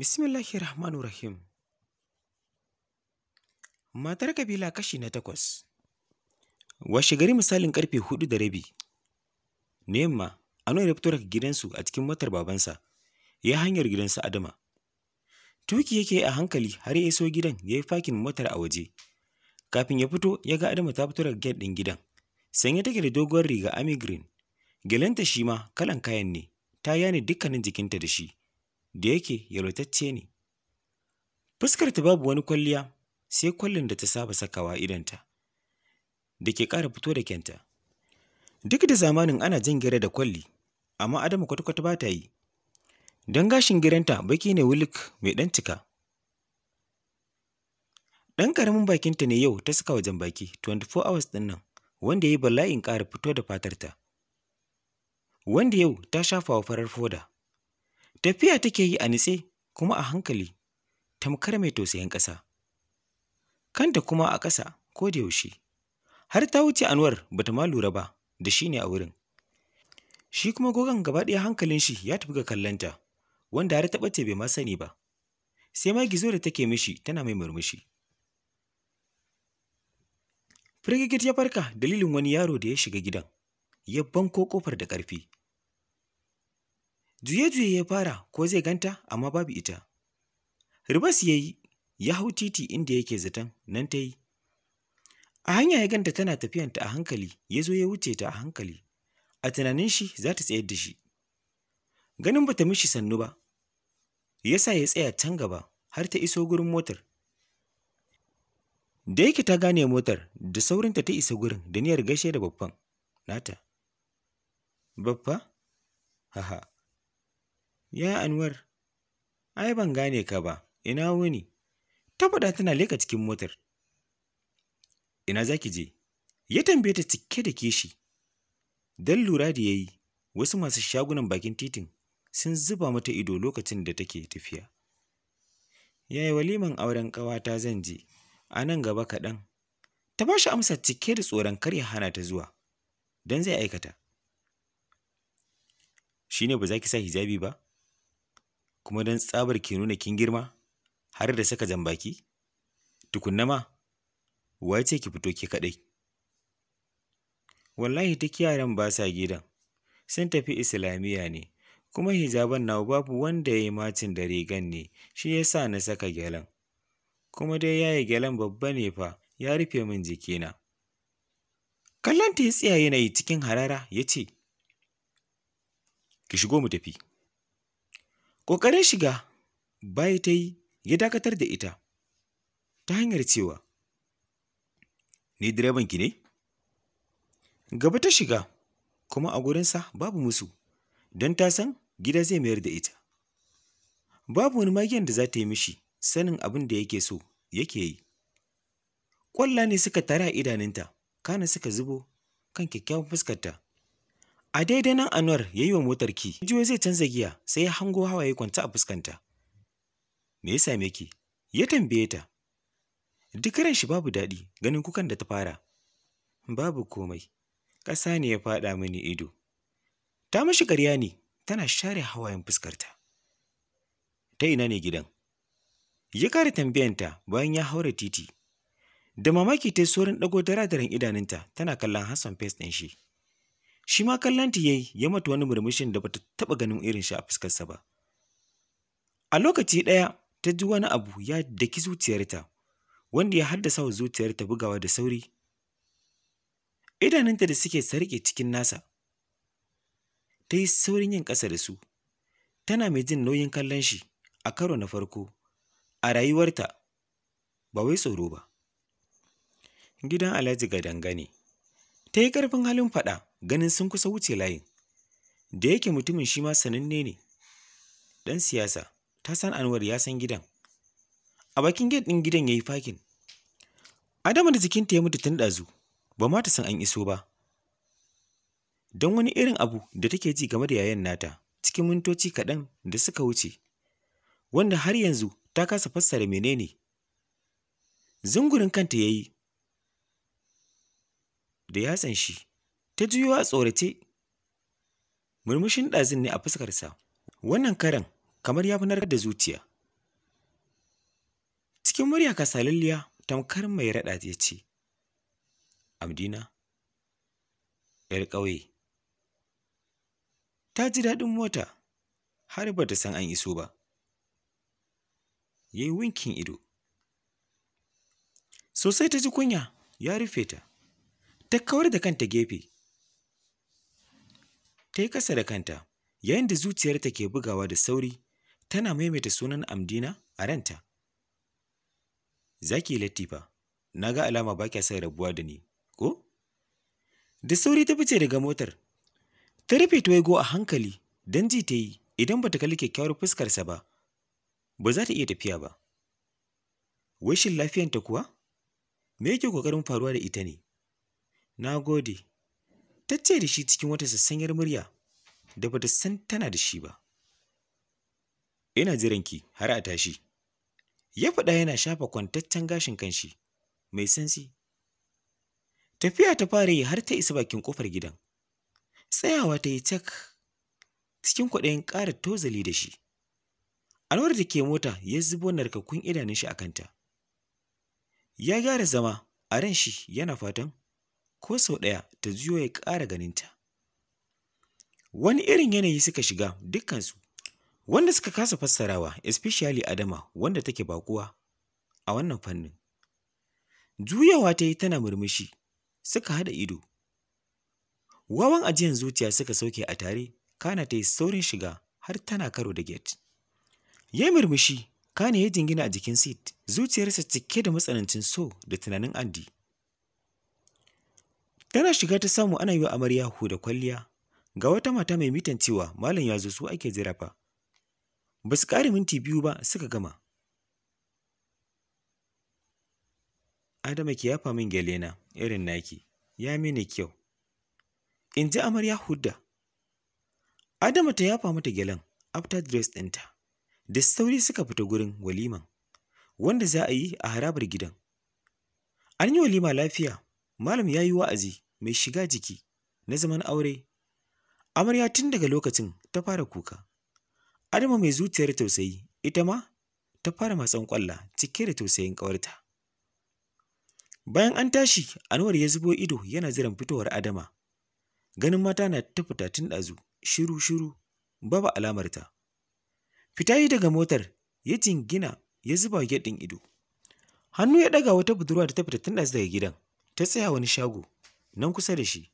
Bismillahi Rahmanu Rahim. Matar kabila kashi na takwas. Washe gari misalin karfe hudu da rabi. Nema, Ano ya fito daga gidansu a cikin motar babansa, ya hanyar gidansa Adama. Tuki yake a hankali har ya iso gidan ya yi fakin motar a waje. Kafin ya fito, ya ga Adama ta fito daga ɗin gidan. Sanye take da doguwar riga Amigrin. Gelanta shi ma kalan kayan ne, ta yane dukkanin jikinta da shi. da yake yalwatacce ne. Fuskarta babu wani kwalliya sai kwallon da ta saba sakawa idanta, da ke ƙara fito da kyanta. Duk da zamanin ana jan gira da kwalli, amma Adamu kwata-kwata ba ta yi, don gashin giranta baki ne wulik mai ɗan cika. Ɗan ƙaramin bakinta ne yau ta saka wajen baki 24 hours ɗin nan, wanda ya yi bala'in ƙara fito da fatarta. Wanda yau ta shafa wa farar foda. Tafiya take yi a nitse kuma a hankali, tamkar mai tausayin ƙasa. Kanta kuma a ƙasa ko da yaushe. Har ta wuce Anwar bata ma lura ba da shi ne a wurin. Shi kuma gogon gaba ɗaya hankalin shi ya tafi ga kallonta, wanda har ta ɓace bai ma sani ba. Sai ma gizo da take mishi tana mai murmushi. Firgigit ya farka dalilin wani yaro da ya shiga gidan, yabban ko ƙofar da ƙarfi. Juye-juye ya fara ko zai ganta amma babu ita. Ribas ya yi, ya hau titi inda yake zaton nan ta yi. A hanya ya ganta tana tafiyanta a hankali, ya zo ya wuce ta a hankali. A tunanin shi za ta tsayar da shi. Ganin bata mishi sannu ba, ya sa ya tsaya can gaba har ta iso gurin motar. Da yake ta gane motar, da saurinta ta isa gurin da niyyar gaishe da babban nata. Babba? Haha, Ya Anwar, ai ban gane ka ba, ina wuni? Ta faɗa tana leka cikin motar. Ina za ki je? Ya tambaye ta cike da kishi. Dan lura da yayi wasu masu shagunan bakin titin sun zuba mata ido lokacin da take tafiya. yayi waliman auren ƙawata zan je, a nan gaba kaɗan. Ta ba shi amsa cike da tsoron kar ya hana ta zuwa, dan zai aikata. Shi ne ba za ki sa hijabi ba? kuma don tsabar ke nuna kin girma har da saka jambaki tukunna ma Wai ce ki fito ke kaɗai wallahi duk yaran ba sa gidan sun tafi islamiyya ne kuma hijaban nawa babu wanda ya yi macin da rigan ne shi ya sa na saka gyalan, kuma dai ya yi gyalan babba ne fa ya rufe min jikina kallon ta ya tsaya yanayi cikin harara ya ce ki shigo mu tafi ƙoƙarin shiga baya ta yi ya dakatar da ita ta hanyar cewa ni direban ki ne gaba ta shiga kuma a gurinsa babu musu don ta san gida zai mayar da ita babu wani magiyan da za ta yi mishi sanin abin da yake so yake yi ƙwalla ne suka tare a idanunta kana suka zubo kan kyakkyawan fuskarta A daidai nan Anwar ya yi wa motar ki, jiyo zai canza giya sai ya hango hawaye kwanta a fuskanta. Me ya same ki? Ya tambaye ta. Duk ran shi babu daɗi ganin kukan da ta fara. Babu komai, ƙasa ne ya faɗa mini ido. Ta mashi ƙarya ne, tana share hawayen fuskarta. Ta ina ne gidan? Ya kare tambayanta bayan ya haura titi. Da mamaki ta yi saurin ɗago daren idanunta tana kallon Hassan Fes ɗin shi. shi ma ta ya yi ya mata wani murmushin da bata taɓa ganin irin shi a fuskarsa ba a lokaci ɗaya ta ji wani abu ya daki zuciyarta wanda ya haddasa wa zuciyarta bugawa da sauri idanunta da suke sarƙe cikin nasa ta yi saurin yin ƙasa da su tana mai jin nauyin kallon shi a karo na farko a rayuwarta ba wai tsoro ba gidan alhaji ga dangane ta yi ƙarfin halin faɗa ganin sun kusa wuce layin. Da yake mutumin shi ma sananne ne, ɗan siyasa, ta san Anwar ya san gidan. A bakin gate ɗin gidan ya yi fakin. Adama da jikinta ya mutu tun ɗazu, ba ma ta san an iso ba. Don wani irin abu da take ji game da yayan nata cikin mintoci kaɗan da suka wuce, wanda har yanzu ta kasa fassara menene. Zungurin kanta ya yi da yatsan shi ta juyo a tsorace murmushin ɗazin ne a fuskarsa wannan karan kamar ya fi da zuciya cikin murya salilliya tamkar mai raɗa ya ce amdina ‘yar ƙauye ta ji daɗin mota har ba ta san an iso ba ya yi winkin ido sosai ta ji kunya ya rufe ta ta kawar da kanta gefe ta yi ƙasa da kanta yayin da zuciyarta ke bugawa da sauri tana maimaita sunan amdina a ranta zaki latifa na ga alama ba kya son rabuwa da ni ko da sauri ta fice daga motar ta rufe tuwaigo a hankali don ji ta yi idan ba ta kalli kyakkyawar fuskarsa ba ba za ta iya tafiya ba Washin lafiyanta kuwa? Me yake ƙoƙarin faruwa da ita ne? Na gode, ta ce da shi cikin wata sassanyar murya da bata san tana da shi ba. Ina jiranki har a tashi. Ya faɗa yana shafa kwantaccen gashin kanshi mai santsi. Tafiya ta fara yi har ta isa bakin ƙofar gidan. Tsayawa ta yi cak cikin kwaɗayin ƙara tozali da shi. Alwar da ke mota ya zubo narkakkun idanun shi a kanta. Ya gyara zama a ran shi yana fatan ko sau ɗaya ta juyo ya ƙara ganinta. Wani irin yanayi suka shiga dukkansu, wanda suka kasa fassarawa, especially Adama wanda take bakuwa a wannan fannin. Juyawa ta yi tana murmushi, suka haɗa ido. Wawan ajiyan zuciya suka sauke a tare, kana ta yi saurin shiga har tana karo da gate. Ya yi murmushi, kana ya jingina a jikin seat, zuciyarsa cike da matsanancin so da tunanin andi. Tana shiga ta samu ana yi wa amarya huda da kwalliya. Ga wata mata mai mitan cewa malam ya zo su ake jira fa. Ba su ƙari minti biyu ba suka gama. Adama ki yafa min gelena irin naki, ya mini kyau. In ji amarya huda Adama ta yafa mata gyalen after dress ɗinta. Da sauri suka fita gurin waliman, wanda za a yi a harabar gidan. An yi walima lafiya, Malam ya yi wa'azi mai shiga jiki na zaman aure. Amarya tun daga lokacin ta fara kuka. Adama mai zuciyar tausayi ita ma ta fara matsan kwalla cike da tausayin ƙawarta. Bayan an tashi, Anwar ya zubo ido yana ziran fitowar Adama. Ganin mata na ta fita tun ɗazu, shiru-shiru, babu alamarta. Fita yi daga motar, ya jingina ya zuba gyaɗin ido. Hannu ya ɗaga wata budurwa da ta fita tun ɗazu daga gidan. ta tsaya wani shago nan kusa da shi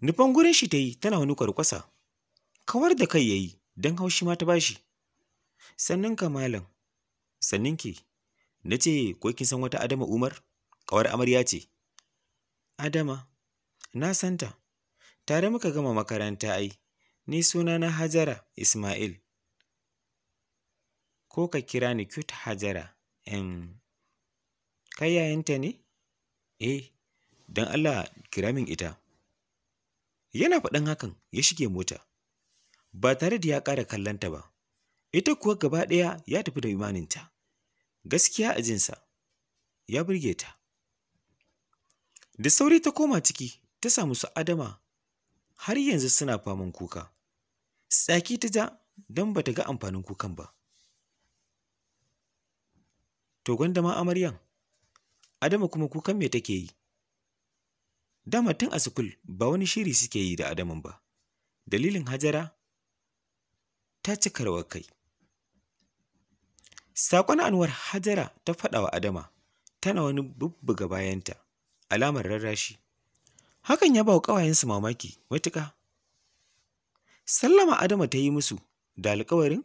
nufan gurin shi ta yi tana wani kwarkwasa kawar da kai ya yi don haushi ma ta bashi sannan ka malam sannin ki na ce ko kin san wata adama umar kawar amarya ce adama na santa tare muka gama makaranta ai ni suna na hajara ismail ko ka kira ni cute hajara em kai yayanta ne Eh, don Allah kira min ita. Yana faɗan hakan ya shige mota, ba tare da ya ƙara kallonta ba, ita kuwa gaba ɗaya ya tafi da imaninta. Gaskiya a jinsa, ya burge ta. Da sauri ta koma ciki, ta samu su Adama har yanzu suna faman kuka. Tsaki ta ja don ba ta ga amfanin kukan ba. To gwanda ma amaryan, Adama kuma kukan me take yi? Dama tun a sukul ba wani shiri suke yi da Adaman ba, dalilin Hajara ta ci karwar kai. Saƙon Anwar Hajara ta faɗa wa Adama tana wani bubbuga bayanta, alamar rarrashi. Hakan ya ba wa ƙawayensu mamaki matuƙa. Sallama Adama ta yi musu da alƙawarin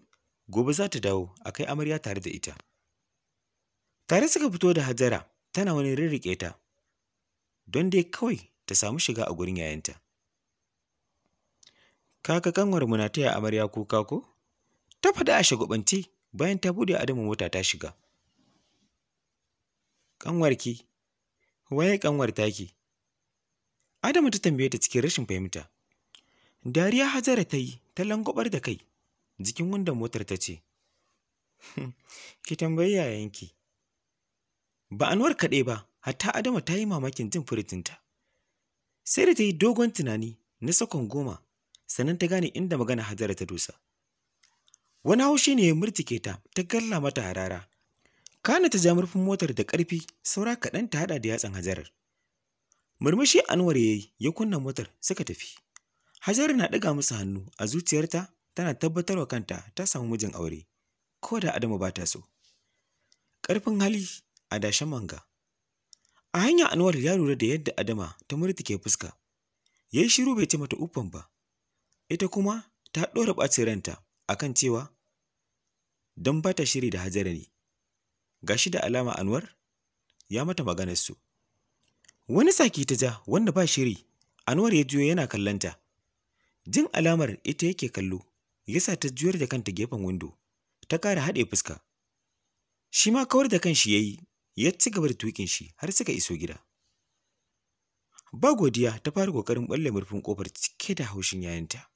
gobe za ta dawo a kai amarya tare da ita. Tare suka fito da Hajara tana wani rirriƙe ta don dai kawai ta samu shiga a gurin yayanta. Kaka kanwar mu na taya amarya kuka ko? Ta faɗi a shagwabance bayan ta buɗe Adamu mota ta shiga. Kanwarki, waye kanwar taki? Adamu ta tambaye ta cikin rashin fahimta. Dariya hazara ta yi ta langobar da kai jikin wanda motar ta ce, hmm, Ki tambayi yayanki, Ba Anwar kaɗai ba, hatta Adama ta yi mamakin jin furitinta. Sai da ta yi dogon tunani na sakon goma, sannan ta gane inda magana Hajara ta dusa Wani haushi ne ya murtike ta, ta galla mata harara. Kana ta ja murfin motar da ƙarfi, saura kaɗan ta haɗa da yatsan Hajarar. Murmushi Anwar ya yi, ya kunna motar suka tafi. Hajarar na ɗaga musu hannu a zuciyarta tana tabbatar wa kanta ta samu mijin aure, ko da Adamu ba ta so. Ƙarfin hali A dashen manga a hanya anwar ya lura da yadda adama ta ke fuska ya yi shiru bai ce mata uffan ba ita kuma ta ɗora ɓacin ranta kan cewa don ba ta shiri da hajara ne ga shi da alama anwar ya mata maganarsu wani saki ta ja wanda ba shiri anwar ya juyo yana kallanta jin alamar ita yake kallo yasa ta juyar da kanta gefen windo ta kara haɗe fuska shi ma kawar da kan shi ya yi ya ci gaba da tuƙin shi har suka iso gida. Ba godiya ta fara ƙoƙarin ɓalle murfin ƙofar cike da haushin yayanta,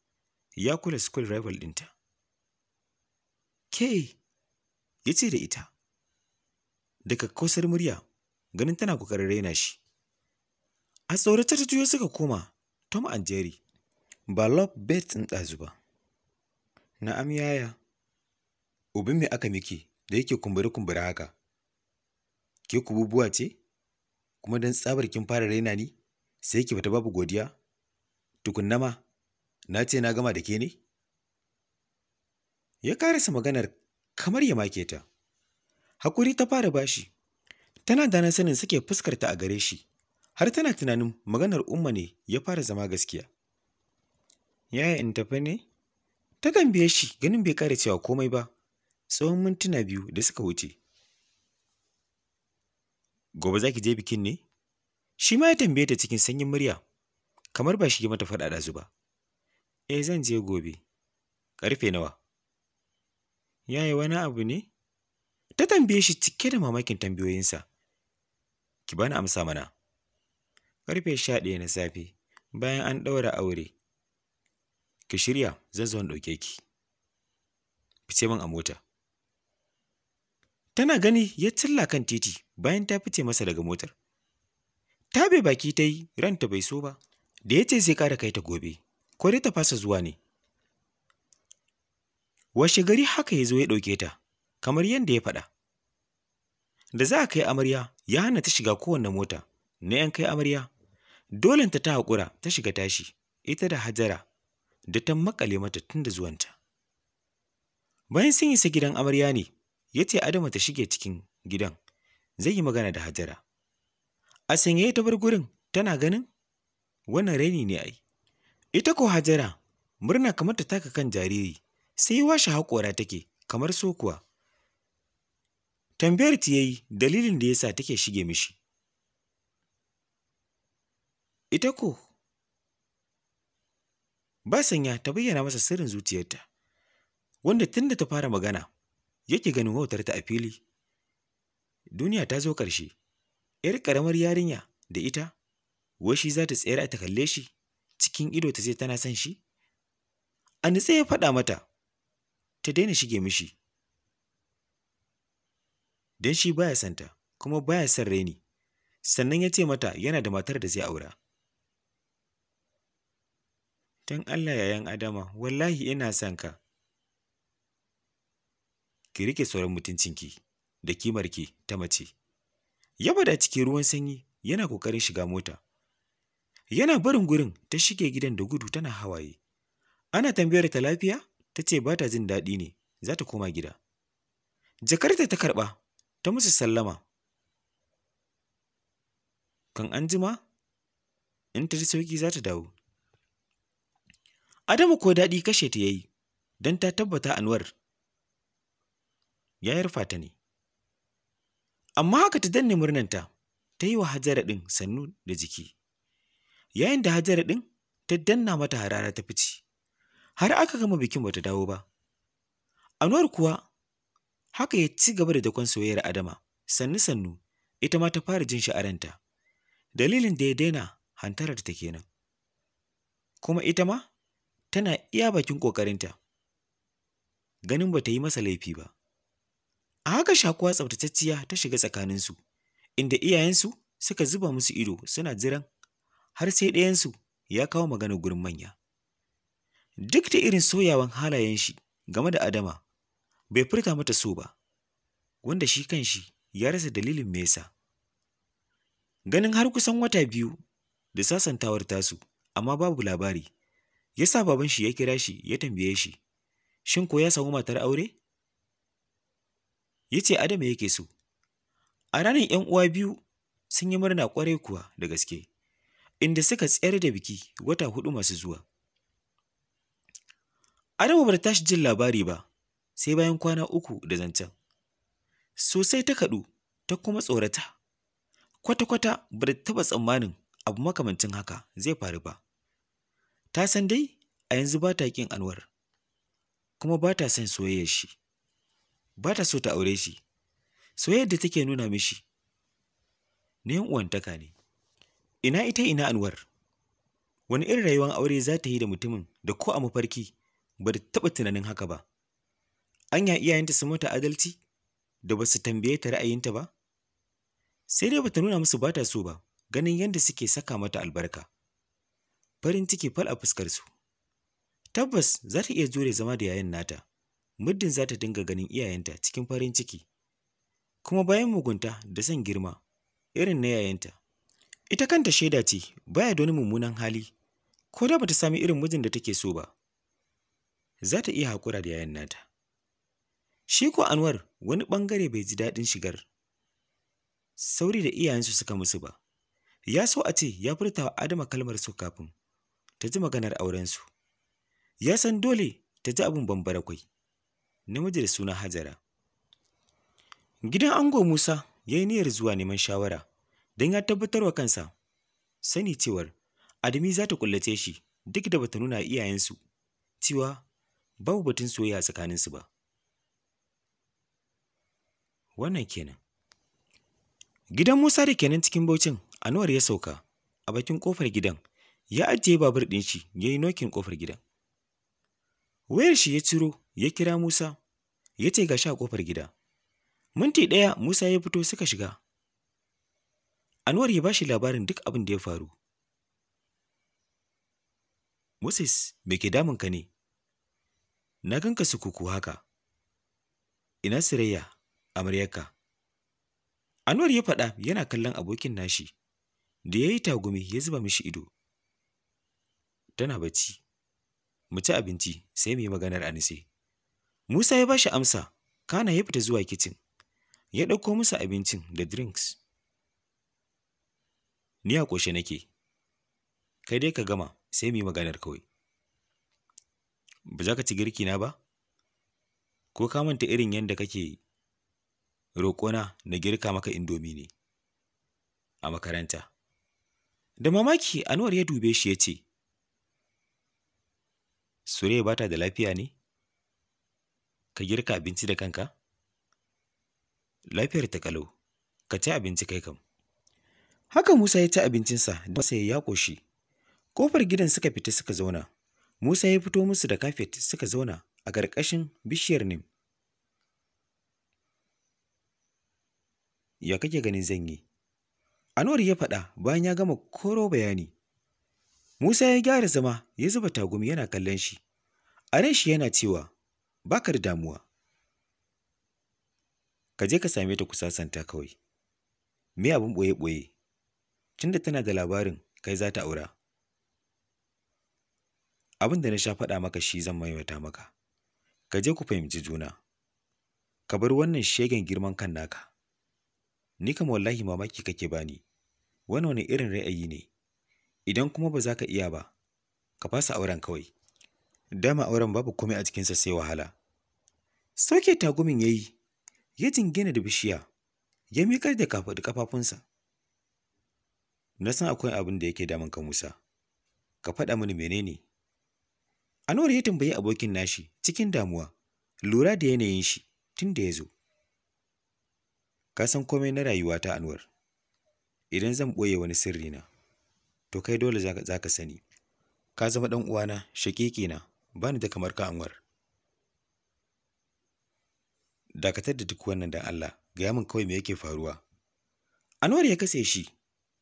ya kula school rival ɗinta. Ke, ya ce da ita, daga kausar murya ganin tana ƙoƙarin raina shi. A tsorata ta juyo suka koma Tom and Jerry, ba Love Bet ɗin ɗazu ba. Na'am yaya, ubi me aka miki da yake kumburi-kumburi haka? ke ku bubuwa ce kuma don tsabar kin fara raina ni sai ki fita babu godiya tukunna ma na ce na gama da ke ne ya karasa maganar kamar ya make ta hakuri ta fara bashi tana da nan sanin suke fuskarta a gare shi har tana tunanin maganar umma ne ya fara zama gaskiya yaya in tafi ne ta tambaye shi ganin bai kare cewa komai ba tsawon mintuna biyu da suka wuce Gobe za ki je bikin ne? Shi ma ya tambaye ta cikin sanyin murya, kamar ba shi ya mata faɗaɗa ɗazu ba. Eh zan je gobe. Ƙarfe nawa? yi wani abu ne? Ta tambaye shi cike da mamakin tambayoyinsa. Ki bani amsa mana. Ƙarfe sha ɗaya na safe, bayan an ɗaura aure. Ki shirya, zan zo in ɗauke ki. Fice min a mota. Tana gani ya cilla kan titi bayan ta fice masa daga motar. Ta bai baki ta yi ranta bai so ba, da ya ce zai ƙara kai ta gobe, ko dai ta fasa zuwa ne. Washe gari haka ya zo ya ɗauke ta, kamar yadda ya faɗa. Da za a kai amarya ya hana ta shiga kowanne mota, na ‘yan kai amarya, dolenta ta haƙura ta shiga tashi, ita da Hajara, da ta makale mata tun da zuwanta. Bayan sun isa gidan amarya ne, ya ce Adamu ta shige cikin gidan, zai yi magana da Hajara. A sanye ta bar gurin tana ganin? Wannan raini ne ai. Ita ko Hajara, murna kamar ta taka kan jariri, sai washe haƙora take kamar so kuwa. Tambayar ta yi dalilin da ya yasa take shige mishi. Ita ko Ba sanya ta bayyana masa sirrin zuciyarta, wanda tun da ta fara magana yake ganin wautar ta a fili. Duniya ta zo ƙarshe, ‘yar ƙaramar yarinya da ita, wai shi za ta tsayar a ta kalle shi cikin ido ta zai tana son shi? A nitse ya faɗa mata, ta daina shige mishi. Don shi baya santa kuma baya son raini, sannan ya ce mata yana da matar da zai aura. Don Allah yayan Adama, wallahi ina son ka. ki rike sauran mutuncinki da kimarki ta mace. Ya bada cikin ruwan sanyi yana kokarin shiga mota. Yana barin gurin ta shige gidan da gudu tana hawaye. Ana tambayar ta lafiya? Ta ce ba ta jin daɗi ne, za ta koma gida. Jakarta ta karɓa, ta musu sallama. Kan an jima? In ta ji sauƙi za ta dawo. Adamu ko daɗi kashe ta yayi, don ta tabbata Anwar ya yarfa ta ne amma haka ta danne murnanta ta yi wa hajara ɗin sannu da jiki yayin da hajara ɗin ta danna mata harara ta fice har aka gama bikin bata dawo ba anuwar kuwa haka ya ci gaba da dakon soyayyar adama sannu sannu ita ma ta fara jin sha'aranta dalilin da ya daina hantarar ta kenan kuma ita ma tana iya bakin ƙoƙarinta ganin bata yi masa laifi ba A haka shakuwa tsaftatacciya ta shiga tsakaninsu, inda iyayensu suka zuba musu ido suna jiran har sai ɗayansu ya kawo magana gurin manya. Duk da irin soyawan halayen shi game da Adama, bai furta mata so ba, wanda shi kanshi ya rasa dalilin mesa Ganin har kusan wata biyu da sasantawar tasu, amma babu labari, ya sa baban shi ya kira shi ya tambaye shi, shin ko ya samu matar aure? ya ce ya yake so. A ranar ‘yan uwa biyu sun yi murna ƙwarai kuwa da gaske, inda suka tsayar da biki wata hudu masu zuwa. Adamu ba tashi jin labari ba, sai bayan kwana uku da zancen. Sosai ta kaɗu ta kuma tsorata. Kwata-kwata ba ta taɓa tsammanin abu makamancin haka zai faru ba. Ta san dai a yanzu ba ta ƙin Anwar, kuma ba ta son soyayyar shi. ba ta so ta aure shi so yadda take nuna mishi ne uwantaka ne ina ita ina anwar wani irin rayuwar aure za ta yi da mutumin da ko a mafarki ba da taɓa tunanin haka ba anya iyayenta su mata adalci da ba su tambaye ta ra'ayinta ba sai dai ba ta nuna musu ba ta so ba ganin yadda suke saka mata albarka farin ciki fal a fuskarsu tabbas za ta iya jure zama da yayin nata muddin za ta dinga ganin iyayenta cikin farin ciki, kuma bayan mugunta da son girma irin na yayanta. Ita kanta shaida ce baya da wani mummunan hali, ko da ba ta sami irin mijin da take so ba, za ta iya haƙura da yayan nata. Shi ko Anwar wani ɓangare bai ji daɗin shigar sauri da iyayensu suka musu ba. Ya so a ce ya furta Adama kalmar so kafin ta ji maganar aurensu. Ya san dole ta ji abin bambara kwai. namiji da suna Hajara. Gidan ango Musa ya yi niyyar zuwa neman shawara don ya tabbatar wa kansa sani cewar Adami za ta kullace shi duk da bata nuna iyayensu cewa babu batun soyayya tsakaninsu ba. Wannan kenan. Gidan Musa da kenan cikin Baucin Anwar ya sauka a bakin kofar gidan ya ajiye babur ɗin shi ya yi nokin kofar gidan. Wayar shi ya ciro, ya kira Musa, ya ce ga sha ƙofar gida. Minti ɗaya Musa ya fito suka shiga. Anwar ya ba labarin duk abin da ya faru. Moses, me ke damun ka ne? Na ganka sukuku haka. Ina sirayya, amaryarka. Anwar ya faɗa yana kallon abokin nashi, da ya yi tagumi ya zuba mishi ido. Tana bacci. mu ci abinci sai mu yi maganar anise. Musa ya ba shi amsa, kana ya fita zuwa kicin, ya ɗauko musu abincin da drinks. Ni a ƙoshe nake, kai dai ka gama sai mu yi maganar kawai. Ba za ka ci girki na ba? Ko ka manta irin yadda kake roƙona na girka maka indomi ne a makaranta. Da mamaki Anwar ya dube shi ya ce, Sure ba ta da lafiya ne? Ka girka abinci da kanka? Lafiyar ta kalau, ka ci abinci kai kam. Haka Musa ya ci abincinsa da sai ya ƙoshi. Kofar gidan suka fita suka zauna. Musa ya fito musu da kafet suka zauna a ƙarƙashin bishiyar nim. Ya kake ganin zan yi? Anwar ya faɗa bayan ya gama koro bayani. Musa ya gyara zama ya zuba tagumi yana kallon shi, a ran shi yana cewa, ba ka da damuwa, ka je ka same ta kusa santa kawai, me abin ɓoye-ɓoye, tunda tana da labarin kai za ta aura. Abin da na sha faɗa maka shi zan maimaita maka, ka je ku fahimci juna, ka bar wannan shegen girman kan naka, ni kam wallahi mamaki kake bani, wannan wani irin ra'ayi ne. Idan kuma ba za ka iya ba, ka fasa auren kawai. Dama auren babu komai a cikinsa sai wahala. Sauke tagumin ya yi, ya jingina da bishiya, ya miƙar da kafafunsa. Na san akwai abin da yake damun ka Musa, ka faɗa mini menene. Anwar ya tambayi abokin nashi cikin damuwa, lura da yanayin shi tun da ya zo. Ka san komai na rayuwata Anwar, idan zan ɓoye wani sirri na. to kai dole za ka sani ka zama ɗan uwana shaƙiƙi na ba ni da kamar ka anwar dakatar da duk wannan da Allah gaya min kawai me yake faruwa Anwar ya kase shi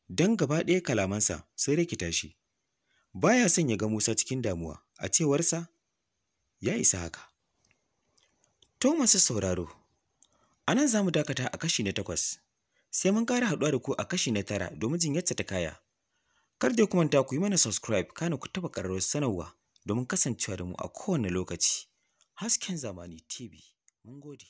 dan gaba ɗaya kalamansa sai rikita shi baya son ya ga Musa cikin damuwa a cewarsa ya isa haka to masu sauraro a nan za mu dakata a kashi na takwas sai mun ƙara haɗuwa da ku a kashi na tara domin jin yadda ta kaya Kar dai ku manta ku yi mana subscribe kana ku taba ƙararrawar sanarwa domin kasancewa da mu a kowane lokaci. Hasken Zamani TV, mun gode.